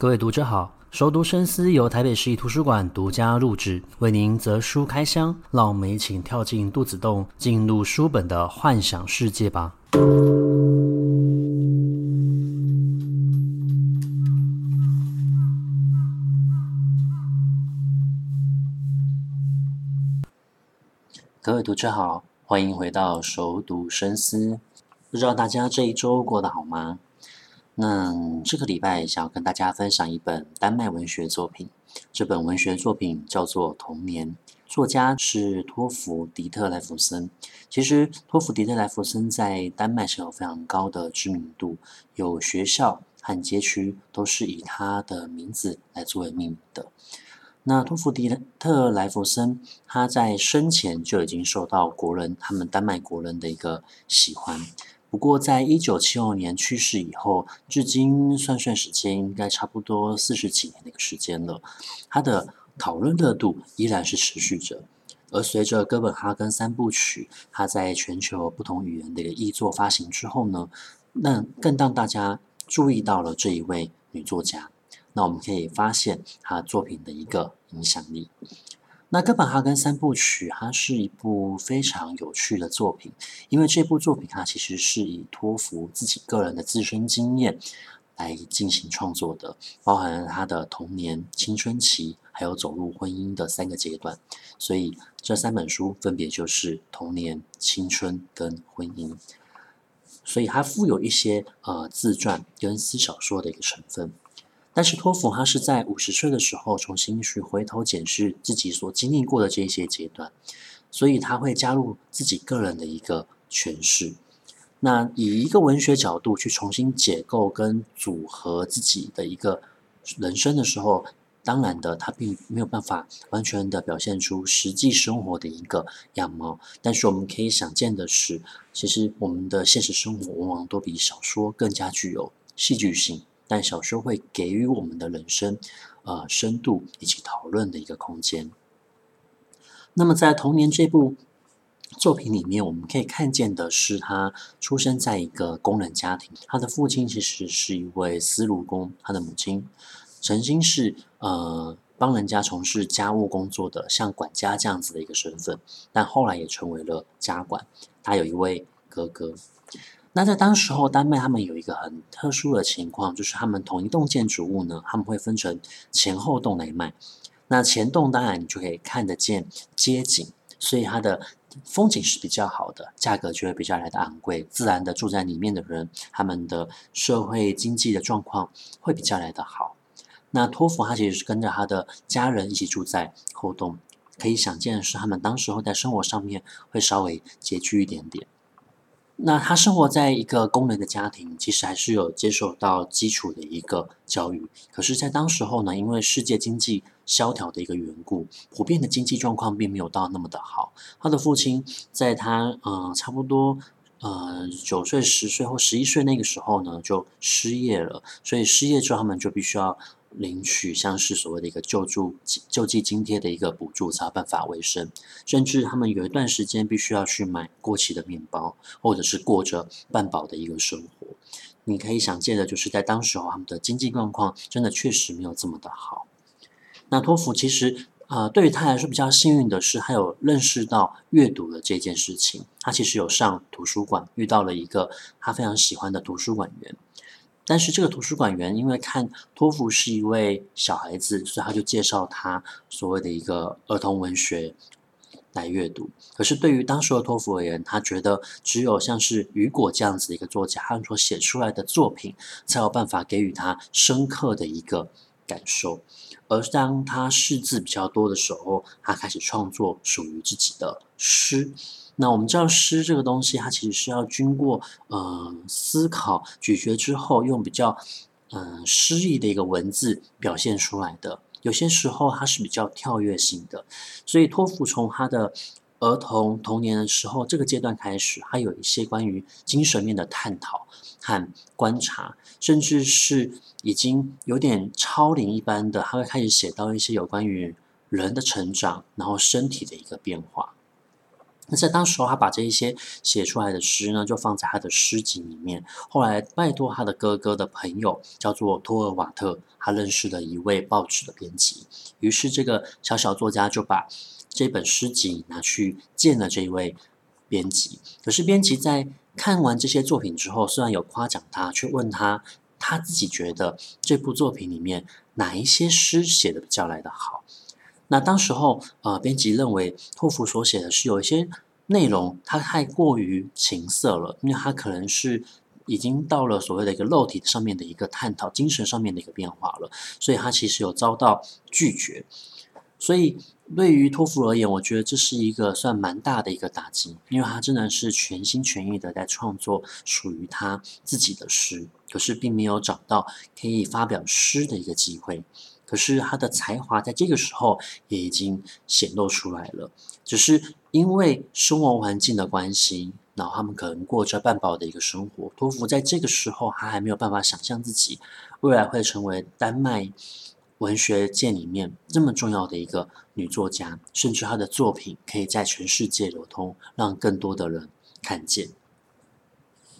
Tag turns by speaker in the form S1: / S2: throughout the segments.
S1: 各位讀者好，熟讀深思由台北市立圖書館獨家錄製，為您擇書開箱，讓我們一起跳進兔子洞，進入書本的幻想世界吧。各位讀者好，歡迎回到熟讀深思，不知道大家這一週過得好嗎？那這個禮拜想要跟大家分享一本丹麥文學作品，這本文學作品叫做《童年》，作家是托弗迪特萊弗森。其實，托弗迪特萊弗森在丹麥是有非常高的知名度，有學校和街區都是以他的名字來作為命名的。那托弗迪特萊弗森他在生前就已經受到國人，他們丹麥國人的一個喜歡。不過，在一九七六年去世以後，至今算算時間，應該差不多四十幾年的一個時間了。他的討論熱度依然是持續着，而隨着《哥本哈根三部曲》它在全球不同語言的一個譯作發行之後呢，那更讓大家注意到了這一位女作家。那我們可以發現她作品的一個影響力。那《哥本哈根三部曲》它是一部非常有趣的作品，因為這部作品它其實是以托福自己個人的自身經驗來進行創作的，包含了他的童年、青春期，還有走入婚姻的三個階段，所以這三本書分別就是童年、青春跟婚姻，所以它富有一些呃自傳跟私小說的一個成分。但是托芙他是在五十歲的時候重新去回頭檢視自己所經歷過的這些階段，所以他會加入自己個人的一個詮釋。那以一個文學角度去重新解構跟組合自己的一個人生的時候，當然的他並沒有辦法完全的表現出實際生活的一個樣貌。但是我們可以想見的是，其實我們的現實生活往往都比小說更加具有戲劇性。但小說會給予我們的人生，呃，深度以及討論的一個空間。那麼，在童年這部作品裡面，我們可以看見的是，他出生在一個工人家庭，他的父親其實是一位司爐工，他的母親曾經是呃幫人家從事家務工作的，像管家這樣子的一個身份，但後來也成為了家管。他有一位哥哥。那在當時候，丹麥他們有一個很特殊的情況，就是他們同一棟建築物呢，他們會分成前後棟來賣。那前棟當然你就可以看得見街景，所以它的風景是比較好的，價格就會比較來得昂貴。自然的住在裡面的人，他們的社會經濟的狀況會比較來得好。那托芙他其實是跟着他的家人一起住在後棟，可以想見的是，他們當時候在生活上面會稍微拮據一點點。那他生活在一個工人的家庭，其實還是有接受到基礎的一個教育。可是，在當時候呢，因為世界經濟蕭條的一個緣故，普遍的經濟狀況並沒有到那麼的好。他的父親在他嗯、呃、差不多呃九歲、十歲或十一歲那個時候呢，就失業了。所以失業之後，他們就必須要。領取像是所謂的一個救助救濟津貼的一個補助，才有辦法維生，甚至他們有一段時間必須要去買過期的面包，或者是過着半飽的一個生活。你可以想見的，就是在當時候，他們的經濟狀況真的確實沒有這麼的好。那托芙其實，呃，對於他來說比較幸運的是，他有認識到閱讀的這件事情。他其實有上圖書館，遇到了一個他非常喜歡的圖書館員。但是這個圖書館員因為看托福是一位小孩子，所以他就介紹他所謂的一個兒童文學來閱讀。可是對於當時的托福而言，他覺得只有像是雨果這樣子的一個作家，他所寫出來的作品才有辦法給予他深刻的一個感受。而當他識字比較多的時候，他開始創作屬於自己的詩。那我們知道詩這個東西，它其實是要經過呃思考、咀嚼之後，用比較嗯、呃、詩意的一個文字表現出來的。有些時候它是比較跳躍性的，所以托芙從他的兒童童年的時候這個階段開始，他有一些關於精神面的探討和觀察，甚至是已經有點超齡一般的，他會開始寫到一些有關於人的成長，然後身體的一個變化。那在當時，他把這一些寫出來的詩呢，就放在他的詩集裡面。後來，拜託他的哥哥的朋友，叫做托爾瓦特，他認識了一位報紙的編輯。於是，這個小小作家就把這本詩集拿去見了這位編輯。可是，編輯在看完這些作品之後，雖然有誇獎他，卻問他他自己覺得這部作品裡面哪一些詩寫得比較來得好？那當時候，呃，編輯認為托芙所寫的是有一些內容，它太過於情色了，因為它可能是已經到了所謂的一個肉體上面的一個探討，精神上面的一個變化了，所以他其實有遭到拒絕。所以對於托芙而言，我覺得這是一個算蠻大的一個打擊，因為他真的是全心全意的在創作屬於他自己的詩，可是並沒有找到可以發表詩的一個機會。可是他的才華在這個時候也已經顯露出來了，只是因為生活環境的關係，然後他們可能過着半飽的一個生活。托芙在這個時候，他還沒有辦法想象自己未來會成為丹麥文學界裡面這麼重要的一個女作家，甚至她的作品可以在全世界流通，讓更多的人看見。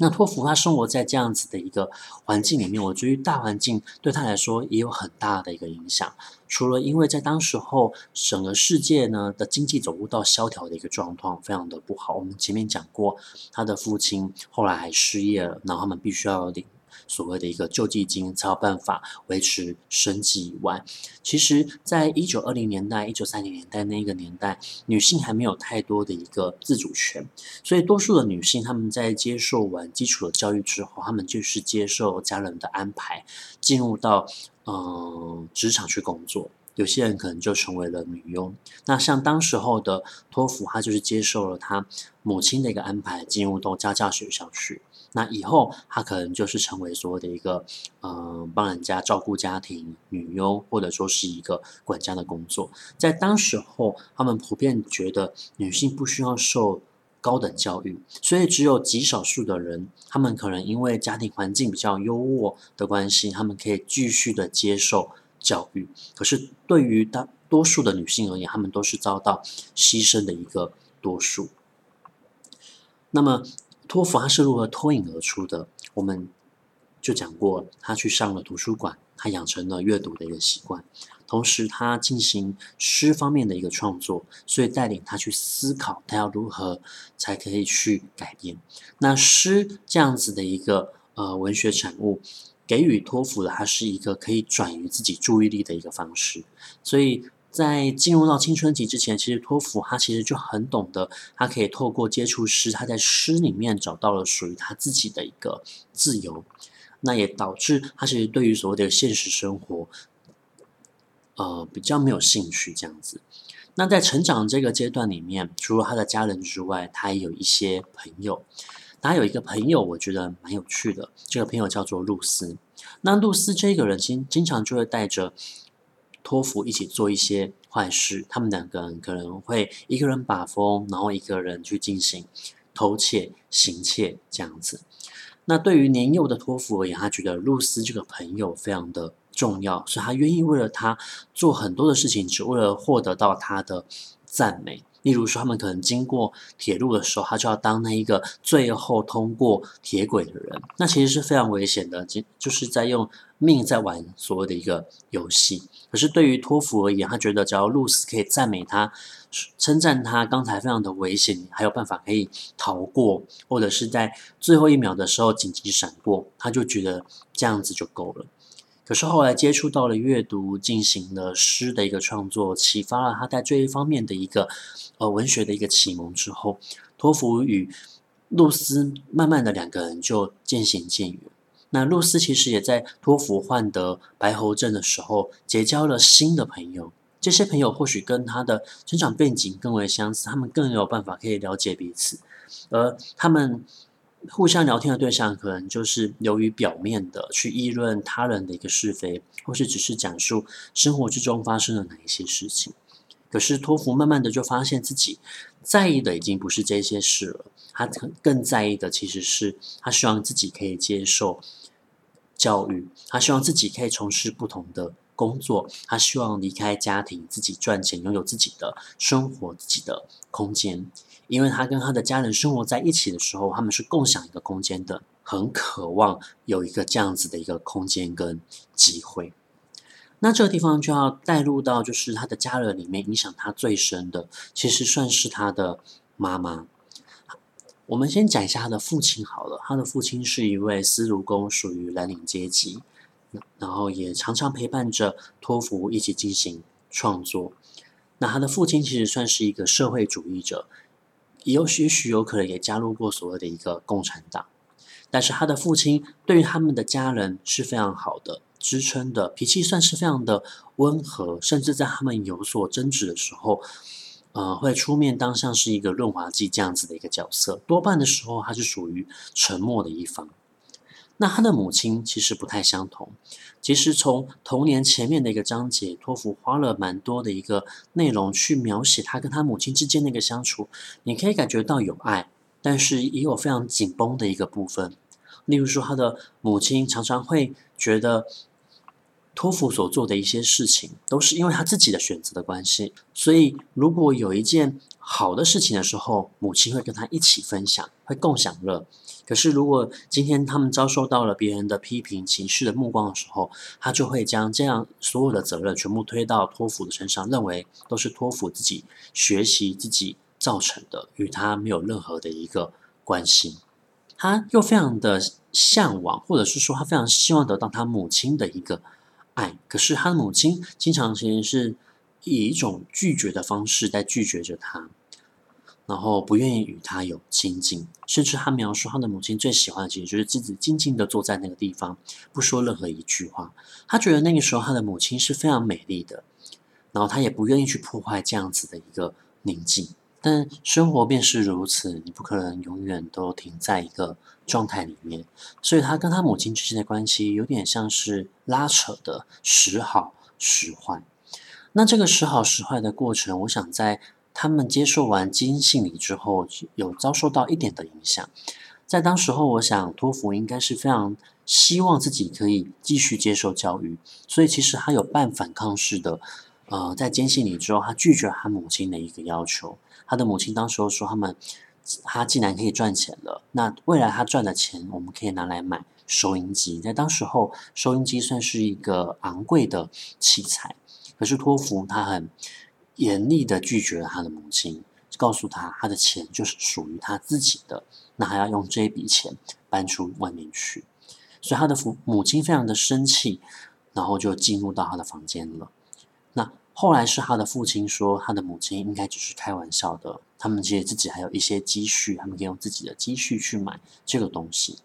S1: 那托福他生活在這樣子的一個環境裡面，我覺得大環境對他來說也有很大的一個影響。除了因為在當時候整個世界呢的經濟走入到蕭條的一個狀況，非常的不好。我們前面講過，他的父親後來還失業了，然後他們必須要領。所謂的一個救濟金，才有辦法維持生計以外，其實，在一九二零年代，一九三零年代那個年代，女性還沒有太多的一個自主權，所以多數的女性，她們在接受完基礎的教育之後，她們就是接受家人的安排，進入到嗯、呃、職場去工作。有些人可能就成為了女傭。那像當時候的托福，她就是接受了她母親的一個安排，進入到家教學校去。那以後，他可能就是成為所謂的一個，嗯、呃，幫人家照顧家庭女傭，或者說是一個管家的工作。在當時候，他們普遍覺得女性不需要受高等教育，所以只有極少數的人，他們可能因為家庭環境比較優渥的關係，他們可以繼續的接受教育。可是對於大多數的女性而言，她們都是遭到犧牲的一個多數。那麼。托福他是如何脫穎而出的？我們就講過，他去上了圖書館，他養成了閱讀的一個習慣，同時他進行詩方面的一個創作，所以帶領他去思考，他要如何才可以去改變。那詩這樣子的一個呃文學產物，給予托福的，它是一個可以轉移自己注意力的一個方式，所以。在進入到青春期之前，其實托芙他其實就很懂得，他可以透過接觸詩，他在詩裡面找到了屬於他自己的一個自由，那也導致他其實對於所謂的現實生活，呃比較沒有興趣這樣子。那在成長這個階段裡面，除了他的家人之外，他也有一些朋友。他有一個朋友，我覺得蠻有趣的，這個朋友叫做露絲。那露絲這個人經，經經常就會帶着。托福一起做一些壞事，他們兩個人可能會一個人把風，然後一個人去進行偷竊、行竊這樣子。那對於年幼的托福而言，他覺得露絲這個朋友非常的重要，所以他願意為了他做很多的事情，只為了獲得到他的讚美。例如說，他們可能經過鐵路的時候，他就要當那一個最後通過鐵軌的人，那其實是非常危險的，就就是在用命在玩所謂的一個遊戲。可是對於托福而言，他覺得只要露絲可以讚美他、稱讚他剛才非常的危險，你還有辦法可以逃過，或者是在最後一秒的時候緊急閃過，他就覺得這樣子就夠了。可是後來接觸到了閱讀，進行了詩的一個創作，啟發了他在這一方面的一個呃文學的一個啟蒙之後，托福與露絲慢慢的兩個人就漸行漸遠。那露絲其實也在托福患得白喉症的時候結交了新的朋友，這些朋友或許跟他的成長背景更為相似，他們更有辦法可以了解彼此，而他們。互相聊天的對象可能就是流於表面的，去議論他人的一個是非，或是只是講述生活之中發生了哪一些事情。可是托福慢慢的就發現自己在意的已經不是這些事了，他更在意的其實是他希望自己可以接受教育，他希望自己可以從事不同的。工作，他希望離開家庭，自己賺錢，擁有自己的生活、自己的空間。因為他跟他的家人生活在一起的時候，他們是共享一個空間的，很渴望有一個這樣子的一個空間跟機會。那這個地方就要帶入到就是他的家人裡面，影響他最深的，其實算是他的媽媽。我們先講一下他的父親好了，他的父親是一位司爐工，屬於藍領階級。然後也常常陪伴着托芙一起進行創作。那他的父親其實算是一個社會主義者，也有許許有可能也加入過所謂的一個共產黨。但是他的父親對於他們的家人是非常好的，支撐的脾氣算是非常的溫和，甚至在他們有所爭執的時候，呃，會出面當上是一個潤滑劑這樣子的一個角色。多半的時候，他是屬於沉默的一方。那他的母親其實不太相同。其實從《童年》前面的一個章節，托福花了蠻多的一個內容去描寫他跟他母親之間的一個相處，你可以感覺到有愛，但是也有非常緊繃的一個部分。例如說，他的母親常常會覺得，托福所做的一些事情都是因為他自己的選擇的關係。所以，如果有一件好的事情的時候，母親會跟他一起分享，會共享樂。可是，如果今天他們遭受到了別人的批評、歧視的目光的時候，他就會將這樣所有的責任全部推到托芙的身上，認為都是托芙自己學習自己造成的，與他沒有任何的一個關係。他又非常的向往，或者是說他非常希望得到他母親的一個愛，可是他的母親經常其實是以一種拒絕的方式在拒絕着他。然後不願意與他有親近，甚至他描述他的母親最喜歡的其實就是自己靜靜的坐在那個地方，不說任何一句話。他覺得那個時候他的母親是非常美麗的，然後他也不願意去破壞這樣子的一個寧靜。但生活便是如此，你不可能永遠都停在一個狀態裡面，所以他跟他母親之間的關係有點像是拉扯的時好時壞。那這個時好時壞的過程，我想在。他們接受完堅信禮之後，有遭受到一點的影響。在當時候，我想托福應該是非常希望自己可以繼續接受教育，所以其實他有半反抗式的。呃，在堅信禮之後，他拒絕了他母親的一個要求。他的母親當時候說他：“他們他既然可以賺錢了，那未來他賺的錢我們可以拿來買收音機。”在當時候，收音機算是一個昂貴的器材。可是托福他很。嚴厲地拒絕了他的母親，告訴他他的錢就是屬於他自己的，那還要用這筆錢搬出外面去。所以他的父母親非常的生氣，然後就進入到他的房間了。那後來是他的父親說，他的母親應該只是開玩笑的。他們覺得自己還有一些積蓄，他們可以用自己的積蓄去買這個東西。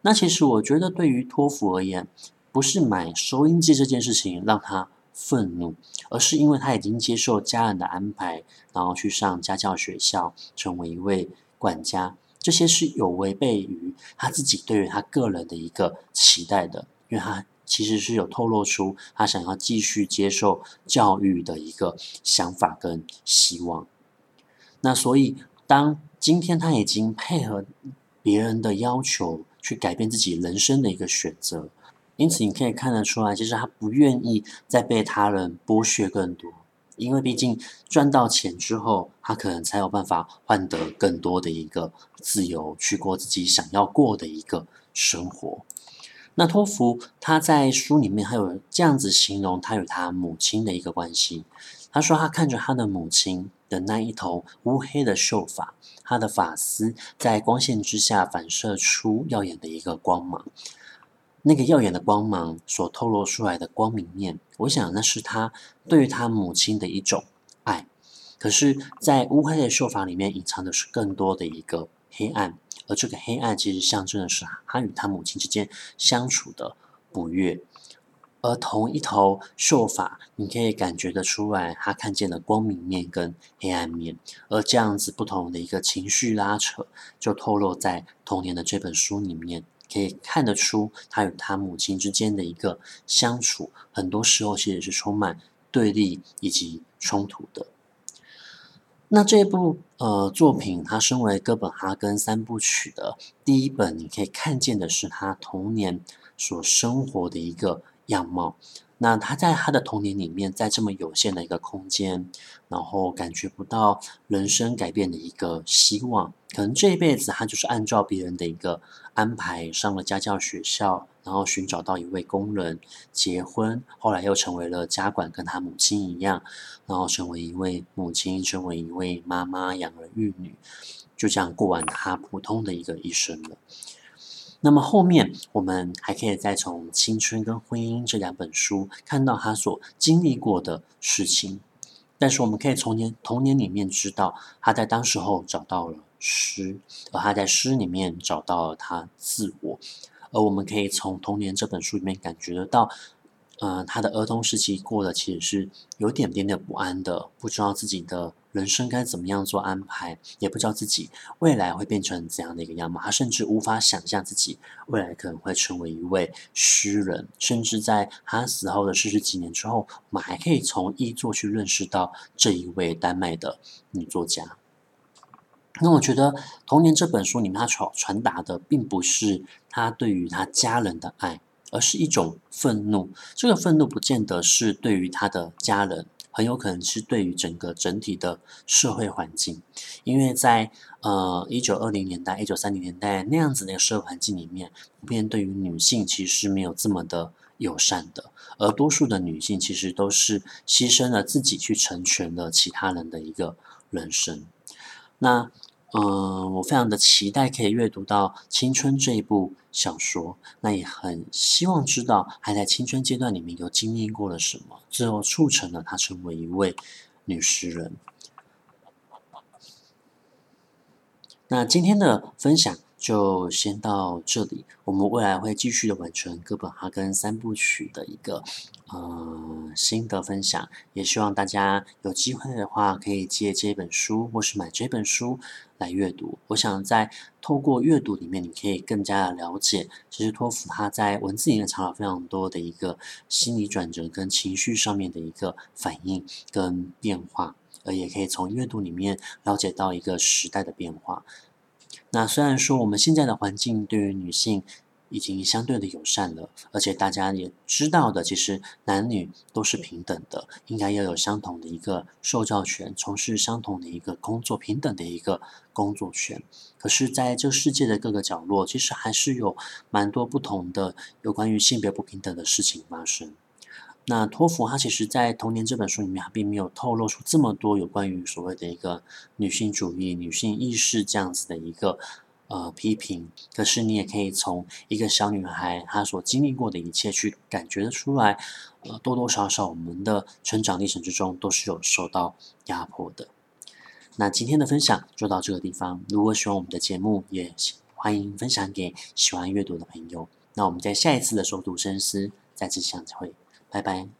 S1: 那其實我覺得，對於托福而言，不是買收音機這件事情讓他。憤怒，而是因為他已經接受家人的安排，然後去上家教學校，成為一位管家。這些是有違背於他自己對於他個人的一個期待的，因為他其實是有透露出他想要繼續接受教育的一個想法跟希望。那所以，當今天他已經配合別人的要求，去改變自己人生的一個選擇。因此，你可以看得出來，其實他不願意再被他人剝削更多，因為畢竟賺到錢之後，他可能才有辦法換得更多的一個自由，去過自己想要過的一個生活。那托福他在書裡面還有這樣子形容他與他母親的一個關係，他說他看着他的母親的那一頭烏黑的秀髮，他的髮絲在光線之下反射出耀眼的一個光芒。那個耀眼的光芒所透露出來的光明面，我想那是他對於他母親的一種愛。可是，在烏黑的秀髮裡面隱藏的是更多的一個黑暗，而這個黑暗其實象徵的是他與他母親之間相處的不悅。而同一頭秀髮，你可以感覺得出來，他看見了光明面跟黑暗面，而這樣子不同的一個情緒拉扯，就透露在童年的這本書裡面。可以看得出，他與他母親之間的一個相處，很多時候其實是充滿對立以及衝突的。那這部呃作品，它身為哥本哈根三部曲的第一本，你可以看見的是他童年所生活的一個樣貌。那他在他的童年裡面，在這麼有限的一個空間，然後感覺不到人生改變的一個希望，可能這一輩子他就是按照別人的一個安排上了家教學校，然後尋找到一位工人結婚，後來又成為了家管，跟他母親一樣，然後成為一位母親，成為一位媽媽，養兒育女，就這樣過完他普通的一個一生了。那麼後面我們還可以再從《青春》跟《婚姻》這兩本書看到他所經歷過的事情，但是我們可以從年童年裡面知道他在當時候找到了詩，而他在詩裡面找到了他自我，而我們可以從《童年》這本書裡面感覺得到，嗯、呃，他的兒童時期過得其實是有點點的不安的，不知道自己的。人生該怎麼樣做安排，也不知道自己未來會變成怎樣的一個樣貌。他甚至無法想象自己未來可能會成為一位詩人，甚至在他死後的四十幾年之後，我們還可以從遺作去認識到這一位丹麥的女作家。那我覺得《童年》這本書裡面，他傳傳達的並不是他對於他家人的愛，而是一種憤怒。這個憤怒不見得是對於他的家人。很有可能是對於整個整體的社會環境，因為在呃一九二零年代、一九三零年代那樣子的社會環境裡面，普遍對於女性其實沒有這麼的友善的，而多數的女性其實都是犧牲了自己去成全了其他人的一個人生。那嗯、呃，我非常的期待可以閱讀到《青春》這一部小說，那也很希望知道，還在青春階段裡面有經歷過了什麼，最後促成了她成為一位女詩人。那今天的分享。就先到這裡，我們未來會繼續的完成《哥本哈根三部曲》的一個呃心得分享，也希望大家有機會的話可以借這本書或是買這本書來閱讀。我想在透過閱讀裡面，你可以更加的了解，其實托芙他在文字裡面藏了非常多的一個心理轉折跟情緒上面的一個反應跟變化，呃，也可以從閱讀裡面了解到一個時代的變化。那雖然說我們現在的環境對於女性已經相對的友善了，而且大家也知道的，其實男女都是平等的，應該要有相同的一個受教權，從事相同的一個工作，平等的一個工作權。可是，在這世界的各個角落，其實還是有蠻多不同的，有關於性別不平等的事情發生。那托芙她其實，在《童年》這本書裡面，並沒有透露出這麼多有關於所謂的一個女性主義、女性意識這樣子的一個呃批評。可是，你也可以從一個小女孩她所經歷過的一切去感覺得出來，呃，多多少少我們的成長歷程之中都是有受到壓迫的。那今天的分享就到這個地方。如果喜歡我們的節目，也歡迎分享給喜歡閱讀的朋友。那我們在下一次的“熟讀深思”再次相會。拜拜。